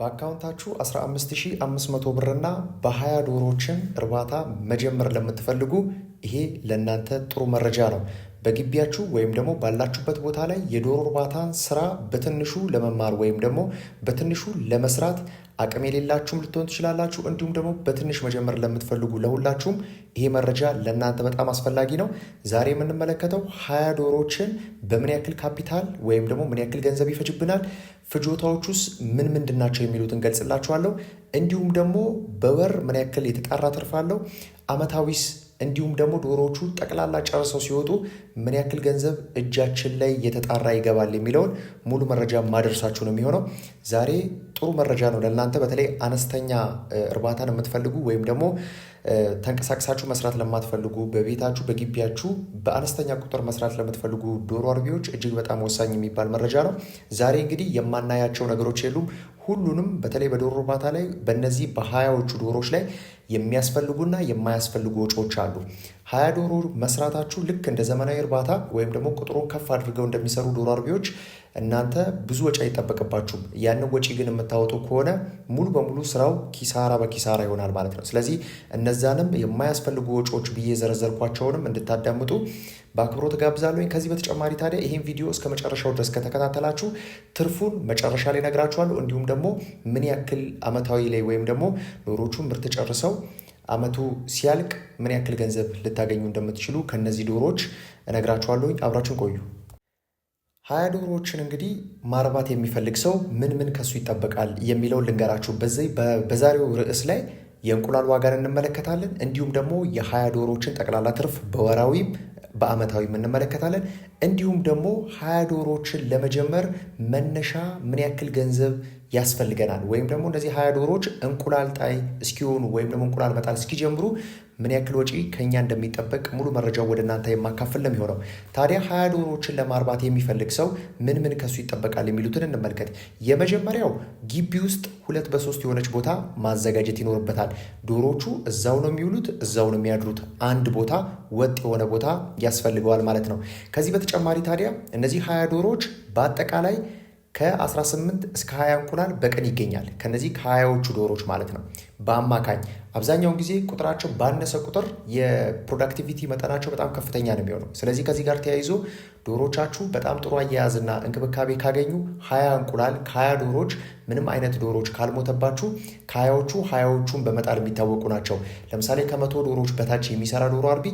በአካውንታችሁ 15500 ብርና በ20 ዶሮዎችን እርባታ መጀመር ለምትፈልጉ ይሄ ለእናንተ ጥሩ መረጃ ነው። በግቢያችሁ ወይም ደግሞ ባላችሁበት ቦታ ላይ የዶሮ እርባታን ስራ በትንሹ ለመማር ወይም ደግሞ በትንሹ ለመስራት አቅም የሌላችሁም ልትሆን ትችላላችሁ። እንዲሁም ደግሞ በትንሽ መጀመር ለምትፈልጉ ለሁላችሁም ይሄ መረጃ ለእናንተ በጣም አስፈላጊ ነው። ዛሬ የምንመለከተው ሀያ ዶሮዎችን በምን ያክል ካፒታል ወይም ደግሞ ምን ያክል ገንዘብ ይፈጅብናል ፍጆታዎች ውስጥ ምን ምንድን ናቸው የሚሉትን ገልጽላችኋለሁ። እንዲሁም ደግሞ በወር ምን ያክል የተጣራ ትርፍ አለው፣ አመታዊስ እንዲሁም ደግሞ ዶሮዎቹ ጠቅላላ ጨርሰው ሲወጡ ምን ያክል ገንዘብ እጃችን ላይ የተጣራ ይገባል የሚለውን ሙሉ መረጃ ማደርሳችሁ ነው የሚሆነው። ዛሬ ጥሩ መረጃ ነው ለእናንተ በተለይ አነስተኛ እርባታን የምትፈልጉ ወይም ደግሞ ተንቀሳቅሳችሁ መስራት ለማትፈልጉ በቤታችሁ በግቢያችሁ በአነስተኛ ቁጥር መስራት ለምትፈልጉ ዶሮ አርቢዎች እጅግ በጣም ወሳኝ የሚባል መረጃ ነው። ዛሬ እንግዲህ የማናያቸው ነገሮች የሉም። ሁሉንም በተለይ በዶሮ እርባታ ላይ በእነዚህ በሀያዎቹ ዶሮዎች ላይ የሚያስፈልጉና የማያስፈልጉ ወጪዎች አሉ። ሀያ ዶሮ መስራታችሁ ልክ እንደ ዘመናዊ እርባታ ወይም ደግሞ ቁጥሩን ከፍ አድርገው እንደሚሰሩ ዶሮ አርቢዎች እናንተ ብዙ ወጪ አይጠበቅባችሁም። ያንን ወጪ ግን የምታወጡ ከሆነ ሙሉ በሙሉ ስራው ኪሳራ በኪሳራ ይሆናል ማለት ነው። ስለዚህ እነዛንም የማያስፈልጉ ወጪዎች ብዬ ዘረዘርኳቸውንም እንድታዳምጡ በአክብሮት ጋብዛለሁኝ። ከዚህ በተጨማሪ ታዲያ ይህን ቪዲዮ እስከ መጨረሻው ድረስ ከተከታተላችሁ ትርፉን መጨረሻ ላይ ነግራችኋለሁ። እንዲሁም ደግሞ ምን ያክል አመታዊ ላይ ወይም ደግሞ ዶሮቹን ምርት ጨርሰው አመቱ ሲያልቅ ምን ያክል ገንዘብ ልታገኙ እንደምትችሉ ከነዚህ ዶሮዎች እነግራችኋለሁኝ። አብራችን ቆዩ። ሀያ ዶሮዎችን እንግዲህ ማርባት የሚፈልግ ሰው ምን ምን ከሱ ይጠበቃል የሚለውን ልንገራችሁ። በዛሬው ርዕስ ላይ የእንቁላል ዋጋን እንመለከታለን። እንዲሁም ደግሞ የሀያ ዶሮዎችን ጠቅላላ ትርፍ በወራዊም በአመታዊ እንመለከታለን። እንዲሁም ደግሞ ሀያ ዶሮዎችን ለመጀመር መነሻ ምን ያክል ገንዘብ ያስፈልገናል። ወይም ደግሞ እነዚህ ሀያ ዶሮዎች እንቁላል ጣይ እስኪሆኑ ወይም ደግሞ እንቁላል መጣል እስኪጀምሩ ምን ያክል ወጪ ከኛ እንደሚጠበቅ ሙሉ መረጃው ወደ እናንተ የማካፈል ነው የሚሆነው። ታዲያ ሀያ ዶሮዎችን ለማርባት የሚፈልግ ሰው ምን ምን ከሱ ይጠበቃል የሚሉትን እንመልከት። የመጀመሪያው ግቢ ውስጥ ሁለት በሶስት የሆነች ቦታ ማዘጋጀት ይኖርበታል። ዶሮዎቹ እዛው ነው የሚውሉት፣ እዛው ነው የሚያድሩት። አንድ ቦታ ወጥ የሆነ ቦታ ያስፈልገዋል ማለት ነው። ከዚህ በተጨማሪ ታዲያ እነዚህ ሀያ ዶሮዎች በአጠቃላይ ከ18 እስከ 20 እንቁላል በቀን ይገኛል። ከነዚህ ከ20ዎቹ ዶሮች ማለት ነው። በአማካኝ አብዛኛውን ጊዜ ቁጥራቸው ባነሰ ቁጥር የፕሮዳክቲቪቲ መጠናቸው በጣም ከፍተኛ ነው የሚሆነው። ስለዚህ ከዚህ ጋር ተያይዞ ዶሮቻችሁ በጣም ጥሩ አያያዝና እንክብካቤ ካገኙ ሀያ እንቁላል ከሀያ ዶሮች ምንም አይነት ዶሮች ካልሞተባችሁ ከሀያዎቹ ሀያዎቹን በመጣል የሚታወቁ ናቸው። ለምሳሌ ከመቶ ዶሮች በታች የሚሰራ ዶሮ አርቢ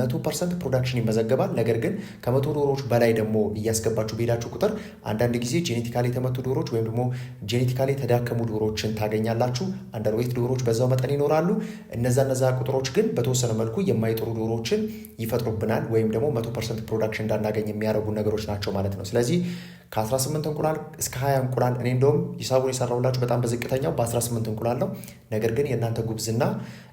መቶ ፐርሰንት ፕሮዳክሽን ይመዘገባል። ነገር ግን ከመቶ ዶሮዎች በላይ ደግሞ እያስገባችሁ በሄዳችሁ ቁጥር አንዳንድ ጊዜ ጄኔቲካሊ የተመቱ ዶሮች ወይም ደግሞ ጄኔቲካሊ የተዳከሙ ዶሮችን ታገኛላችሁ። አንደርዌት ዶሮዎች በዛው መጠን ይኖራሉ። እነዛ እነዛ ቁጥሮች ግን በተወሰነ መልኩ የማይጥሩ ዶሮዎችን ይፈጥሩብናል ወይም ደግሞ መቶ ፐርሰንት ፕሮዳክሽን እንዳናገኝ የሚያደርጉ ነገሮች ናቸው ማለት ነው። ስለዚህ ከ18 እንቁላል እስከ 20 እንቁላል እኔ እንደውም ሂሳቡን የሰራሁላችሁ በጣም በዝቅተኛው በ18 እንቁላል ነው። ነገር ግን የእናንተ ጉብዝና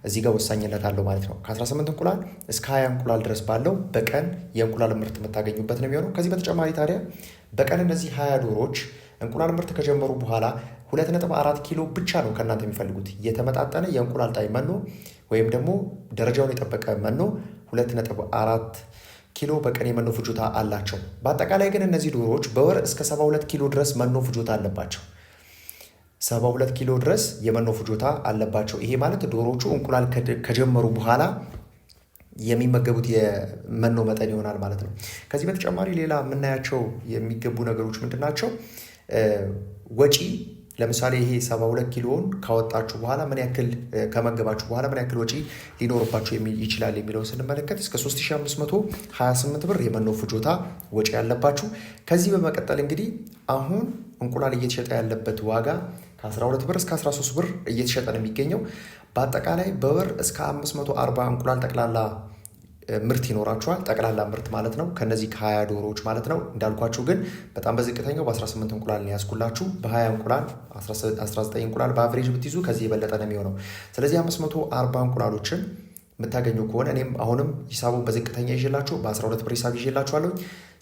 እዚህ ጋር ወሳኝነት አለው ማለት ነው። ከ18 እንቁላል እስከ 20 እንቁላል ድረስ ባለው በቀን የእንቁላል ምርት የምታገኙበት ነው የሚሆነው። ከዚህ በተጨማሪ ታዲያ በቀን እነዚህ 20 ዶሮዎች እንቁላል ምርት ከጀመሩ በኋላ 2.4 ኪሎ ብቻ ነው ከእናንተ የሚፈልጉት። የተመጣጠነ የእንቁላል ጣይ መኖ ወይም ደግሞ ደረጃውን የጠበቀ መኖ 2.4 ኪሎ በቀን የመኖ ፍጆታ አላቸው። በአጠቃላይ ግን እነዚህ ዶሮዎች በወር እስከ 72 ኪሎ ድረስ መኖ ፍጆታ አለባቸው። 72 ኪሎ ድረስ የመኖ ፍጆታ አለባቸው። ይሄ ማለት ዶሮዎቹ እንቁላል ከጀመሩ በኋላ የሚመገቡት የመኖ መጠን ይሆናል ማለት ነው። ከዚህ በተጨማሪ ሌላ የምናያቸው የሚገቡ ነገሮች ምንድን ናቸው? ወጪ ለምሳሌ ይሄ 72 ኪሎን ካወጣችሁ በኋላ ምን ያክል ከመገባችሁ በኋላ ምን ያክል ወጪ ሊኖርባችሁ ይችላል የሚለውን ስንመለከት እስከ 3528 ብር የመኖ ፍጆታ ወጪ ያለባችሁ። ከዚህ በመቀጠል እንግዲህ አሁን እንቁላል እየተሸጠ ያለበት ዋጋ ከ12 ብር እስከ 13 ብር እየተሸጠ ነው የሚገኘው። በአጠቃላይ በወር እስከ 540 እንቁላል ጠቅላላ ምርት ይኖራቸዋል። ጠቅላላ ምርት ማለት ነው ከነዚህ ከሀያ ዶሮዎች ማለት ነው። እንዳልኳችሁ ግን በጣም በዝቅተኛው በ18 እንቁላል ያስኩላችሁ። በ20 እንቁላል 19 እንቁላል በአቨሬጅ ብትይዙ ከዚህ የበለጠ ነው የሚሆነው። ስለዚህ 540 እንቁላሎችን የምታገኙ ከሆነ እኔም አሁንም ሂሳቡን በዝቅተኛ ይዤላችሁ በ12 ብር ሂሳብ ይዤላችኋለሁ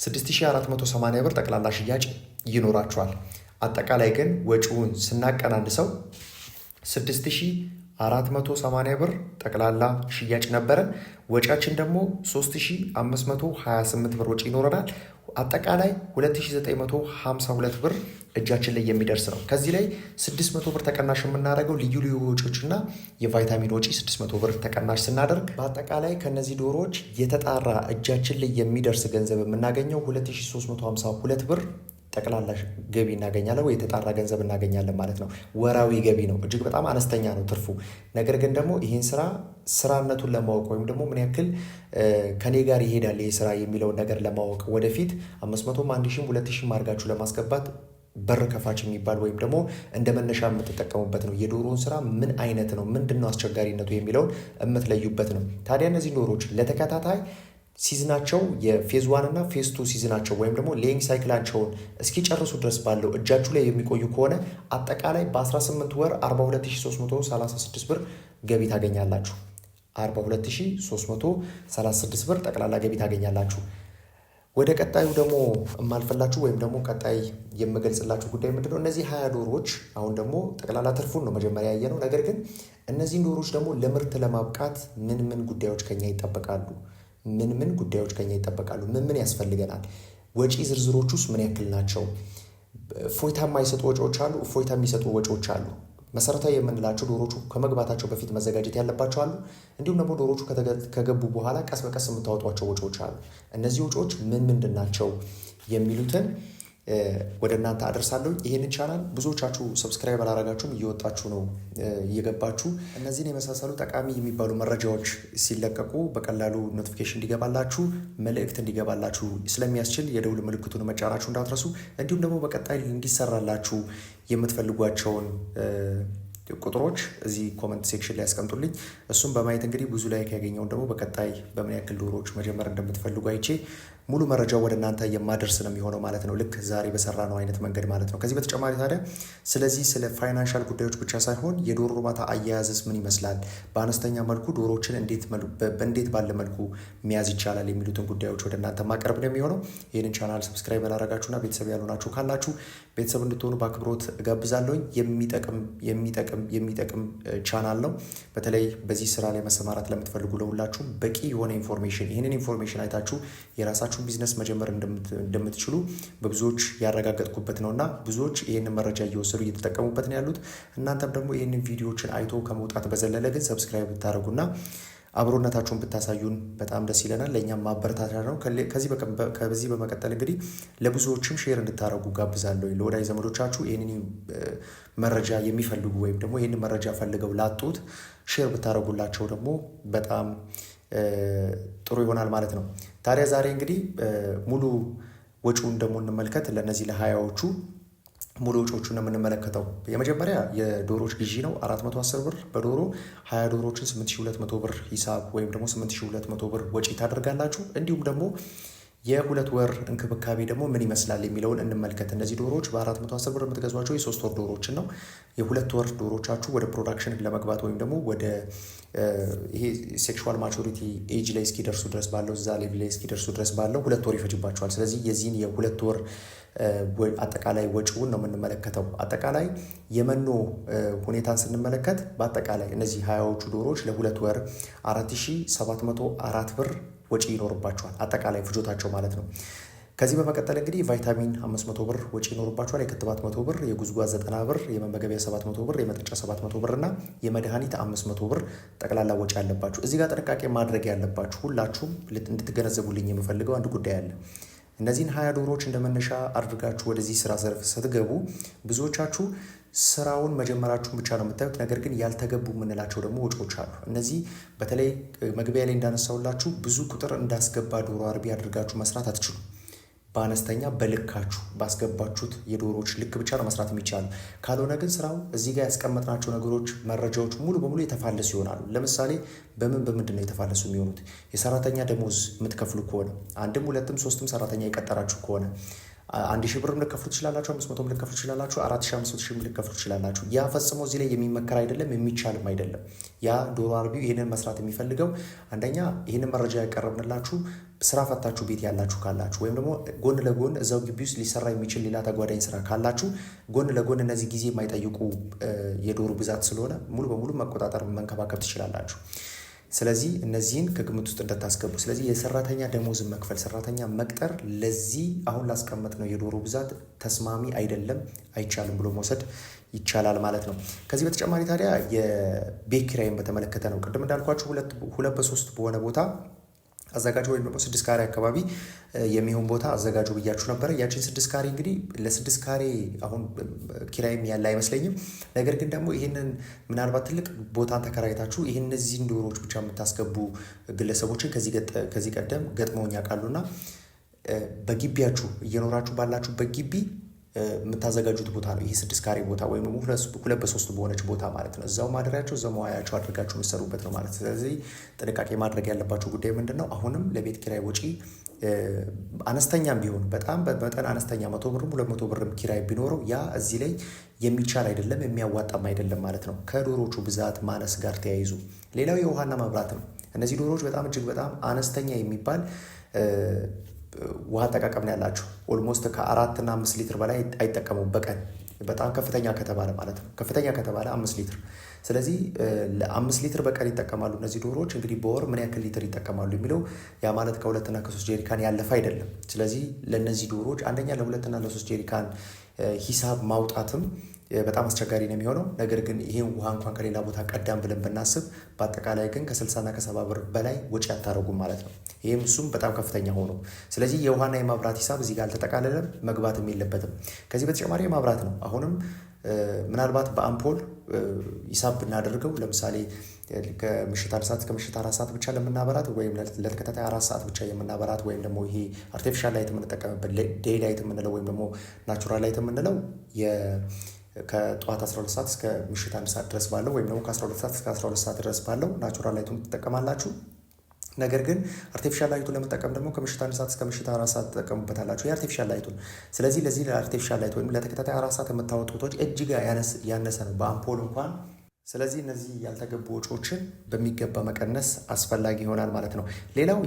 6480 ብር ጠቅላላ ሽያጭ ይኖራችኋል። አጠቃላይ ግን ወጪውን ስናቀናንሰው 6 480 ብር ጠቅላላ ሽያጭ ነበረን። ወጪያችን ደግሞ 3528 ብር ወጪ ይኖረናል። አጠቃላይ 2952 ብር እጃችን ላይ የሚደርስ ነው። ከዚህ ላይ 600 ብር ተቀናሽ የምናደርገው ልዩ ልዩ ወጪዎችና የቫይታሚን ወጪ 600 ብር ተቀናሽ ስናደርግ በአጠቃላይ ከነዚህ ዶሮዎች የተጣራ እጃችን ላይ የሚደርስ ገንዘብ የምናገኘው 2352 ብር ጠቅላላ ገቢ እናገኛለን ወይ የተጣራ ገንዘብ እናገኛለን ማለት ነው። ወራዊ ገቢ ነው፣ እጅግ በጣም አነስተኛ ነው ትርፉ። ነገር ግን ደግሞ ይህን ስራ ስራነቱን ለማወቅ ወይም ደግሞ ምን ያክል ከኔ ጋር ይሄዳል ይህ ስራ የሚለውን ነገር ለማወቅ ወደፊት አምስት መቶም አንድ ሺም ሁለት ሺም አድርጋችሁ ለማስገባት በር ከፋች የሚባል ወይም ደግሞ እንደ መነሻ የምትጠቀሙበት ነው። የዶሮውን ስራ ምን አይነት ነው፣ ምንድን ነው አስቸጋሪነቱ የሚለውን የምትለዩበት ነው። ታዲያ እነዚህ ዶሮዎች ለተከታታይ ሲዝናቸው የፌዝ ዋን እና ፌዝ ቱ ሲዝናቸው ወይም ደግሞ ሌይንግ ሳይክላቸውን እስኪጨርሱ ድረስ ባለው እጃችሁ ላይ የሚቆዩ ከሆነ አጠቃላይ በ18 ወር 42336 ብር ገቢ ታገኛላችሁ። 42336 ብር ጠቅላላ ገቢ ታገኛላችሁ። ወደ ቀጣዩ ደግሞ የማልፈላችሁ ወይም ደግሞ ቀጣይ የምገልጽላችሁ ጉዳይ ምንድነው? እነዚህ ሀያ ዶሮዎች አሁን ደግሞ ጠቅላላ ትርፉን ነው መጀመሪያ ያየነው። ነገር ግን እነዚህን ዶሮዎች ደግሞ ለምርት ለማብቃት ምን ምን ጉዳዮች ከኛ ይጠበቃሉ? ምን ምን ጉዳዮች ከኛ ይጠበቃሉ? ምን ምን ያስፈልገናል? ወጪ ዝርዝሮች ውስጥ ምን ያክል ናቸው? እፎይታ የማይሰጡ ወጪዎች አሉ፣ እፎይታ የሚሰጡ ወጪዎች አሉ። መሰረታዊ የምንላቸው ዶሮቹ ከመግባታቸው በፊት መዘጋጀት ያለባቸው አሉ። እንዲሁም ደግሞ ዶሮቹ ከገቡ በኋላ ቀስ በቀስ የምታወጧቸው ወጪዎች አሉ። እነዚህ ወጪዎች ምን ምንድን ናቸው የሚሉትን ወደ እናንተ አደርሳለሁ። ይሄን ቻናል ብዙዎቻችሁ ሰብስክራይብ አላረጋችሁም፣ እየወጣችሁ ነው እየገባችሁ። እነዚህን የመሳሰሉ ጠቃሚ የሚባሉ መረጃዎች ሲለቀቁ በቀላሉ ኖቲፊኬሽን እንዲገባላችሁ፣ መልእክት እንዲገባላችሁ ስለሚያስችል የደውል ምልክቱን መጫራችሁ እንዳትረሱ። እንዲሁም ደግሞ በቀጣይ እንዲሰራላችሁ የምትፈልጓቸውን ቁጥሮች እዚህ ኮመንት ሴክሽን ላይ ያስቀምጡልኝ። እሱም በማየት እንግዲህ ብዙ ላይክ ያገኘውን ደግሞ በቀጣይ በምን ያክል ዶሮዎች መጀመር እንደምትፈልጉ አይቼ ሙሉ መረጃው ወደ እናንተ የማደርስ ነው የሚሆነው ማለት ነው። ልክ ዛሬ በሰራ ነው አይነት መንገድ ማለት ነው። ከዚህ በተጨማሪ ታዲያ ስለዚህ ስለ ፋይናንሻል ጉዳዮች ብቻ ሳይሆን የዶሮ እርባታ አያያዝስ ምን ይመስላል፣ በአነስተኛ መልኩ ዶሮዎችን እንዴት ባለ መልኩ መያዝ ይቻላል የሚሉትን ጉዳዮች ወደ እናንተ ማቅረብ ነው የሚሆነው። ይህንን ቻናል ሰብስክራይብ ያላረጋችሁና ቤተሰብ ያልሆናችሁ ካላችሁ ቤተሰብ እንድትሆኑ በአክብሮት እጋብዛለሁኝ። የሚጠቅም የሚጠቅም የሚጠቅም ቻናል ነው። በተለይ በዚህ ስራ ላይ መሰማራት ለምትፈልጉ ለሁላችሁ በቂ የሆነ ኢንፎርሜሽን ይህንን ኢንፎርሜሽን አይታችሁ የራሳችሁን ቢዝነስ መጀመር እንደምትችሉ በብዙዎች ያረጋገጥኩበት ነው እና ብዙዎች ይህንን መረጃ እየወሰዱ እየተጠቀሙበት ነው ያሉት። እናንተም ደግሞ ይህንን ቪዲዮዎችን አይቶ ከመውጣት በዘለለ ግን ሰብስክራይብ ብታደረጉና አብሮነታችሁን ብታሳዩን በጣም ደስ ይለናል። ለእኛም ማበረታታ ነው። ከዚህ በመቀጠል እንግዲህ ለብዙዎችም ሼር እንድታደረጉ ጋብዛለሁ። ለወዳጅ ዘመዶቻችሁ ይህንን መረጃ የሚፈልጉ ወይም ደግሞ ይህን መረጃ ፈልገው ላጡት ሼር ብታደረጉላቸው ደግሞ በጣም ጥሩ ይሆናል ማለት ነው። ታዲያ ዛሬ እንግዲህ ሙሉ ወጪውን ደግሞ እንመልከት። ለእነዚህ ለሀያዎቹ ሙሉ ወጪዎቹን ነው የምንመለከተው። የመጀመሪያ የዶሮዎች ግዢ ነው 410 ብር በዶሮ 20 ዶሮዎችን 8200 ብር ሂሳብ ወይም ደግሞ 8200 ብር ወጪ ታደርጋላችሁ። እንዲሁም ደግሞ የሁለት ወር እንክብካቤ ደግሞ ምን ይመስላል የሚለውን እንመልከት። እነዚህ ዶሮዎች በ410 ብር የምትገዟቸው የሶስት ወር ዶሮዎችን ነው። የሁለት ወር ዶሮቻችሁ ወደ ፕሮዳክሽን ለመግባት ወይም ደግሞ ወደ ይሄ ሴክሹዋል ማቹሪቲ ኤጅ ላይ እስኪደርሱ ድረስ ባለው እዛ ላይ እስኪደርሱ ድረስ ባለው ሁለት ወር ይፈጅባቸዋል። ስለዚህ የዚህን የሁለት ወር አጠቃላይ ወጪውን ነው የምንመለከተው። አጠቃላይ የመኖ ሁኔታን ስንመለከት በአጠቃላይ እነዚህ ሀያዎቹ ዶሮዎች ለሁለት ወር 4704 ብር ወጪ ይኖርባቸዋል። አጠቃላይ ፍጆታቸው ማለት ነው። ከዚህ በመቀጠል እንግዲህ ቫይታሚን 500 ብር ወጪ ይኖርባቸዋል። የክትባት 100 ብር፣ የጉዝጓዝ 90 ብር፣ የመመገቢያ 700 ብር፣ የመጠጫ 700 ብር እና የመድኃኒት 500 ብር ጠቅላላ ወጪ አለባችሁ። እዚህ ጋር ጥንቃቄ ማድረግ ያለባችሁ ሁላችሁም እንድትገነዘቡልኝ የምፈልገው አንድ ጉዳይ አለ። እነዚህን ሀያ ዶሮዎች እንደ መነሻ አድርጋችሁ ወደዚህ ስራ ዘርፍ ስትገቡ ብዙዎቻችሁ ስራውን መጀመራችሁን ብቻ ነው የምታዩት። ነገር ግን ያልተገቡ የምንላቸው ደግሞ ወጪዎች አሉ። እነዚህ በተለይ መግቢያ ላይ እንዳነሳውላችሁ ብዙ ቁጥር እንዳስገባ ዶሮ አርቢ አድርጋችሁ መስራት አትችሉም። በአነስተኛ በልካችሁ ባስገባችሁት የዶሮዎች ልክ ብቻ ነው መስራት የሚቻሉ። ካልሆነ ግን ስራው እዚህ ጋር ያስቀመጥናቸው ነገሮች፣ መረጃዎች ሙሉ በሙሉ የተፋለሱ ይሆናሉ። ለምሳሌ በምን በምንድን ነው የተፋለሱ የሚሆኑት? የሰራተኛ ደሞዝ የምትከፍሉ ከሆነ አንድም ሁለትም ሶስትም ሰራተኛ የቀጠራችሁ ከሆነ አንድ ሺህ ብርም ልከፍሉ ትችላላችሁ፣ አምስት መቶም ልከፍሉ ትችላላችሁ፣ አራት ሺህ አምስት ሺህም ልከፍሉ ትችላላችሁ። ያ ፈጽሞ እዚህ ላይ የሚመከር አይደለም፣ የሚቻልም አይደለም። ያ ዶሮ አርቢው ይህንን መስራት የሚፈልገው አንደኛ ይህንን መረጃ ያቀረብንላችሁ ስራ ፈታችሁ ቤት ያላችሁ ካላችሁ ወይም ደግሞ ጎን ለጎን እዛው ግቢ ውስጥ ሊሰራ የሚችል ሌላ ተጓዳኝ ስራ ካላችሁ ጎን ለጎን እነዚህ ጊዜ የማይጠይቁ የዶሮ ብዛት ስለሆነ ሙሉ በሙሉ መቆጣጠር መንከባከብ ትችላላችሁ። ስለዚህ እነዚህን ከግምት ውስጥ እንደታስገቡ። ስለዚህ የሰራተኛ ደሞዝ መክፈል፣ ሰራተኛ መቅጠር ለዚህ አሁን ላስቀመጥ ነው የዶሮ ብዛት ተስማሚ አይደለም፣ አይቻልም ብሎ መውሰድ ይቻላል ማለት ነው። ከዚህ በተጨማሪ ታዲያ የቤት ኪራይን በተመለከተ ነው። ቅድም እንዳልኳቸው ሁለት በሶስት በሆነ ቦታ አዘጋጁ ወይም ደግሞ ስድስት ካሬ አካባቢ የሚሆን ቦታ አዘጋጁ ብያችሁ ነበረ። ያችን ስድስት ካሬ እንግዲህ ለስድስት ካሬ አሁን ኪራይም ያለ አይመስለኝም። ነገር ግን ደግሞ ይህንን ምናልባት ትልቅ ቦታን ተከራይታችሁ ይህን እነዚህን ዶሮዎች ብቻ የምታስገቡ ግለሰቦችን ከዚህ ቀደም ገጥመውኝ ያውቃሉና በግቢያችሁ እየኖራችሁ ባላችሁበት ግቢ የምታዘጋጁት ቦታ ነው። ይህ ስድስት ካሬ ቦታ ወይም ሁለት በሶስት በሆነች ቦታ ማለት ነው። እዛው ማደሪያቸው እዛው መዋያቸው አድርጋቸው የምትሰሩበት ነው ማለት። ስለዚህ ጥንቃቄ ማድረግ ያለባቸው ጉዳይ ምንድን ነው? አሁንም ለቤት ኪራይ ወጪ አነስተኛም ቢሆን በጣም በመጠን አነስተኛ መቶ ብርም ሁለት መቶ ብርም ኪራይ ቢኖረው ያ እዚህ ላይ የሚቻል አይደለም የሚያዋጣም አይደለም ማለት ነው። ከዶሮቹ ብዛት ማነስ ጋር ተያይዙ። ሌላው የውሃና መብራት ነው። እነዚህ ዶሮዎች በጣም እጅግ በጣም አነስተኛ የሚባል ውሃ አጠቃቀም ነው ያላቸው። ኦልሞስት ከአራትና አምስት ሊትር በላይ አይጠቀሙም በቀን በጣም ከፍተኛ ከተባለ ማለት ነው። ከፍተኛ ከተባለ አምስት ሊትር። ስለዚህ ለአምስት ሊትር በቀን ይጠቀማሉ እነዚህ ዶሮዎች። እንግዲህ በወር ምን ያክል ሊትር ይጠቀማሉ የሚለው ያ ማለት ከሁለትና ከሶስት ጄሪካን ያለፈ አይደለም። ስለዚህ ለእነዚህ ዶሮዎች አንደኛ ለሁለትና ለሶስት ጄሪካን ሂሳብ ማውጣትም በጣም አስቸጋሪ ነው የሚሆነው። ነገር ግን ይህን ውሃ እንኳን ከሌላ ቦታ ቀዳም ብለን ብናስብ በአጠቃላይ ግን ከስልሳና ከሰባ ብር በላይ ወጪ አታደርጉም ማለት ነው። ይህም እሱም በጣም ከፍተኛ ሆኖ ስለዚህ የውሃና የማብራት ሂሳብ እዚህ ጋር አልተጠቃለለም መግባትም የለበትም። ከዚህ በተጨማሪ የማብራት ነው አሁንም ምናልባት በአምፖል ሂሳብ ብናደርገው ለምሳሌ ከምሽት አንድ ሰዓት ከምሽት አራት ሰዓት ብቻ ለምናበራት ወይም ለተከታታይ አራት ሰዓት ብቻ የምናበራት ወይም ደግሞ ይሄ አርቲፊሻል ላይት የምንጠቀምበት ዴይ ላይት የምንለው ወይም ደግሞ ናቹራል ላይት የምንለው ከጠዋት 12 ሰዓት እስከ ምሽት አንድ ሰዓት ድረስ ባለው ወይም ደግሞ ከ12 ሰዓት እስከ 12 ሰዓት ድረስ ባለው ናቹራል ላይቱን ትጠቀማላችሁ። ነገር ግን አርቲፊሻል ላይቱን ለመጠቀም ደግሞ ከምሽት አንድ ሰዓት እስከ ምሽት አራት ሰዓት ትጠቀሙበታላችሁ የአርቲፊሻል ላይቱን። ስለዚህ ለዚህ ለአርቲፊሻል ላይት ወይም ለተከታታይ አራት ሰዓት የምታወጡት ወጪ እጅግ ያነሰ ነው በአምፖል እንኳን። ስለዚህ እነዚህ ያልተገቡ ወጪዎችን በሚገባ መቀነስ አስፈላጊ ይሆናል ማለት ነው። ሌላው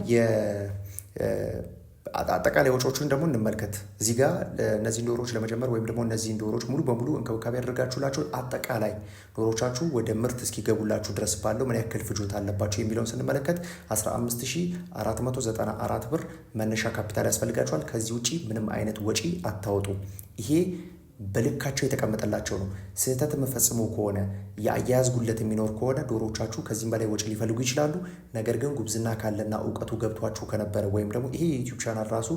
አጠቃላይ ወጪዎቹን ደግሞ እንመልከት። እዚህ ጋር እነዚህን ዶሮዎች ለመጀመር ወይም ደግሞ እነዚህን ዶሮዎች ሙሉ በሙሉ እንክብካቤ ያደርጋችሁላቸው አጠቃላይ ዶሮቻችሁ ወደ ምርት እስኪገቡላችሁ ድረስ ባለው ምን ያክል ፍጆታ አለባቸው የሚለውን ስንመለከት 15494 ብር መነሻ ካፒታል ያስፈልጋችኋል። ከዚህ ውጪ ምንም አይነት ወጪ አታወጡ። ይሄ በልካቸው የተቀመጠላቸው ነው። ስህተት የምፈጽሙ ከሆነ የአያያዝ ጉለት የሚኖር ከሆነ ዶሮቻችሁ ከዚህም በላይ ወጪ ሊፈልጉ ይችላሉ። ነገር ግን ጉብዝና ካለና እውቀቱ ገብቷችሁ ከነበረ ወይም ደግሞ ይሄ የዩቲዩብ ቻናል ራሱ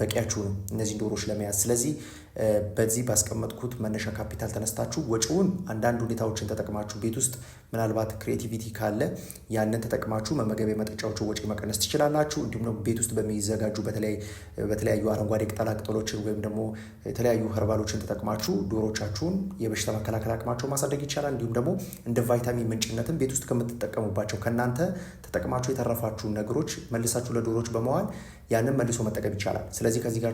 በቂያችሁ ነው እነዚህን ዶሮዎች ለመያዝ። ስለዚህ በዚህ ባስቀመጥኩት መነሻ ካፒታል ተነስታችሁ ወጪውን አንዳንድ ሁኔታዎችን ተጠቅማችሁ ቤት ውስጥ ምናልባት ክሬቲቪቲ ካለ ያንን ተጠቅማችሁ መመገቢያ መጠጫዎችን ወጪ መቀነስ ትችላላችሁ። እንዲሁም ደግሞ ቤት ውስጥ በሚዘጋጁ በተለያዩ አረንጓዴ ቅጠላ ቅጠሎችን ወይም ደግሞ የተለያዩ ህርባሎችን ተጠቅማችሁ ዶሮቻችሁን የበሽታ መከላከል አቅማቸው ማሳደግ ይቻላል። እንዲሁም ደግሞ እንደ ቫይታሚን ምንጭነትም ቤት ውስጥ ከምትጠቀሙባቸው ከእናንተ ተጠቅማችሁ የተረፋችሁን ነገሮች መልሳችሁ ለዶሮች በመዋል ያንን መልሶ መጠቀም ይቻላል። Frase que a gente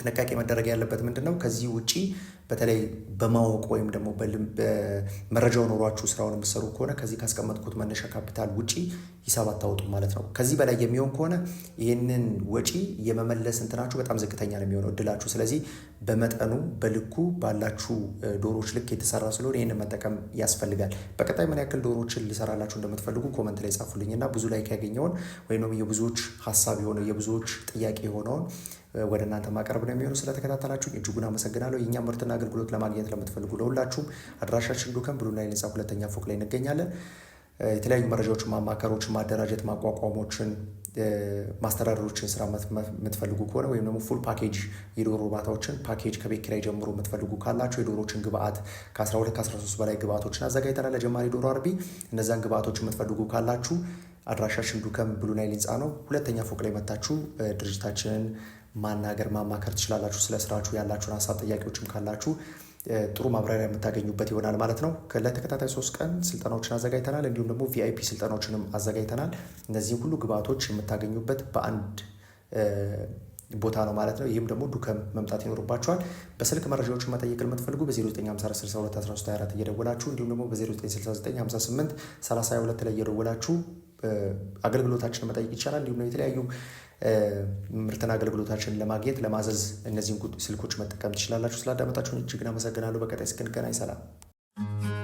ጥንቃቄ መደረግ ያለበት ምንድን ነው? ከዚህ ውጪ በተለይ በማወቅ ወይም ደግሞ መረጃው ኖሯችሁ ስራውን የምትሰሩ ከሆነ ከዚህ ካስቀመጥኩት መነሻ ካፒታል ውጪ ሂሳብ አታወጡ ማለት ነው። ከዚህ በላይ የሚሆን ከሆነ ይህንን ወጪ የመመለስ እንትናችሁ በጣም ዝቅተኛ ነው የሚሆነው እድላችሁ። ስለዚህ በመጠኑ በልኩ ባላችሁ ዶሮች ልክ የተሰራ ስለሆነ ይህንን መጠቀም ያስፈልጋል። በቀጣይ ምን ያክል ዶሮዎችን ልሰራላችሁ እንደምትፈልጉ ኮመንት ላይ ጻፉልኝ እና ብዙ ላይክ ያገኘውን ወይም የብዙዎች ሀሳብ የሆነው የብዙዎች ጥያቄ የሆነውን ወደ እናንተ ማቅረብ ነው የሚሆኑ። ስለተከታተላችሁ እጅጉን አመሰግናለሁ። የእኛ ምርትና አገልግሎት ለማግኘት ለምትፈልጉ ለሁላችሁም አድራሻችን ዱከም ብሉና የነጻ ሁለተኛ ፎቅ ላይ እንገኛለን። የተለያዩ መረጃዎችን ማማከሮችን፣ ማደራጀት፣ ማቋቋሞችን፣ ማስተዳደሮችን ስራ የምትፈልጉ ከሆነ ወይም ደግሞ ፉል ፓኬጅ የዶሮ እርባታዎችን ፓኬጅ ከቤት ኪራይ ጀምሮ የምትፈልጉ ካላቸው የዶሮችን ግብአት ከ12 ከ13 በላይ ግብአቶችን አዘጋጅተናል። ለጀማሪ ዶሮ አርቢ እነዚያን ግብአቶች የምትፈልጉ ካላችሁ አድራሻችን ዱከም ብሉ ናይል ህንፃ ነው። ሁለተኛ ፎቅ ላይ መታችሁ ድርጅታችንን ማናገር ማማከር ትችላላችሁ። ስለ ስራችሁ ያላችሁን ሀሳብ ጥያቄዎችም ካላችሁ ጥሩ ማብራሪያ የምታገኙበት ይሆናል ማለት ነው። ለተከታታይ ሶስት ቀን ስልጠናዎችን አዘጋጅተናል። እንዲሁም ደግሞ ቪአይፒ ስልጠናዎችንም አዘጋጅተናል። እነዚህ ሁሉ ግብአቶች የምታገኙበት በአንድ ቦታ ነው ማለት ነው። ይህም ደግሞ ዱከም መምጣት ይኖርባቸዋል። በስልክ መረጃዎችን መጠየቅ ለምትፈልጉ በ0954 እየደወላችሁ እንዲሁም ደግሞ በ0969 32 ላይ እየደወላችሁ አገልግሎታችን መጠየቅ ይቻላል። እንዲሁም የተለያዩ ምርትና አገልግሎታችን ለማግኘት ለማዘዝ እነዚህን ስልኮች መጠቀም ትችላላችሁ። ስላዳመጣችሁን እጅግን አመሰግናለሁ። በቀጣይ እስክንገናኝ ሰላም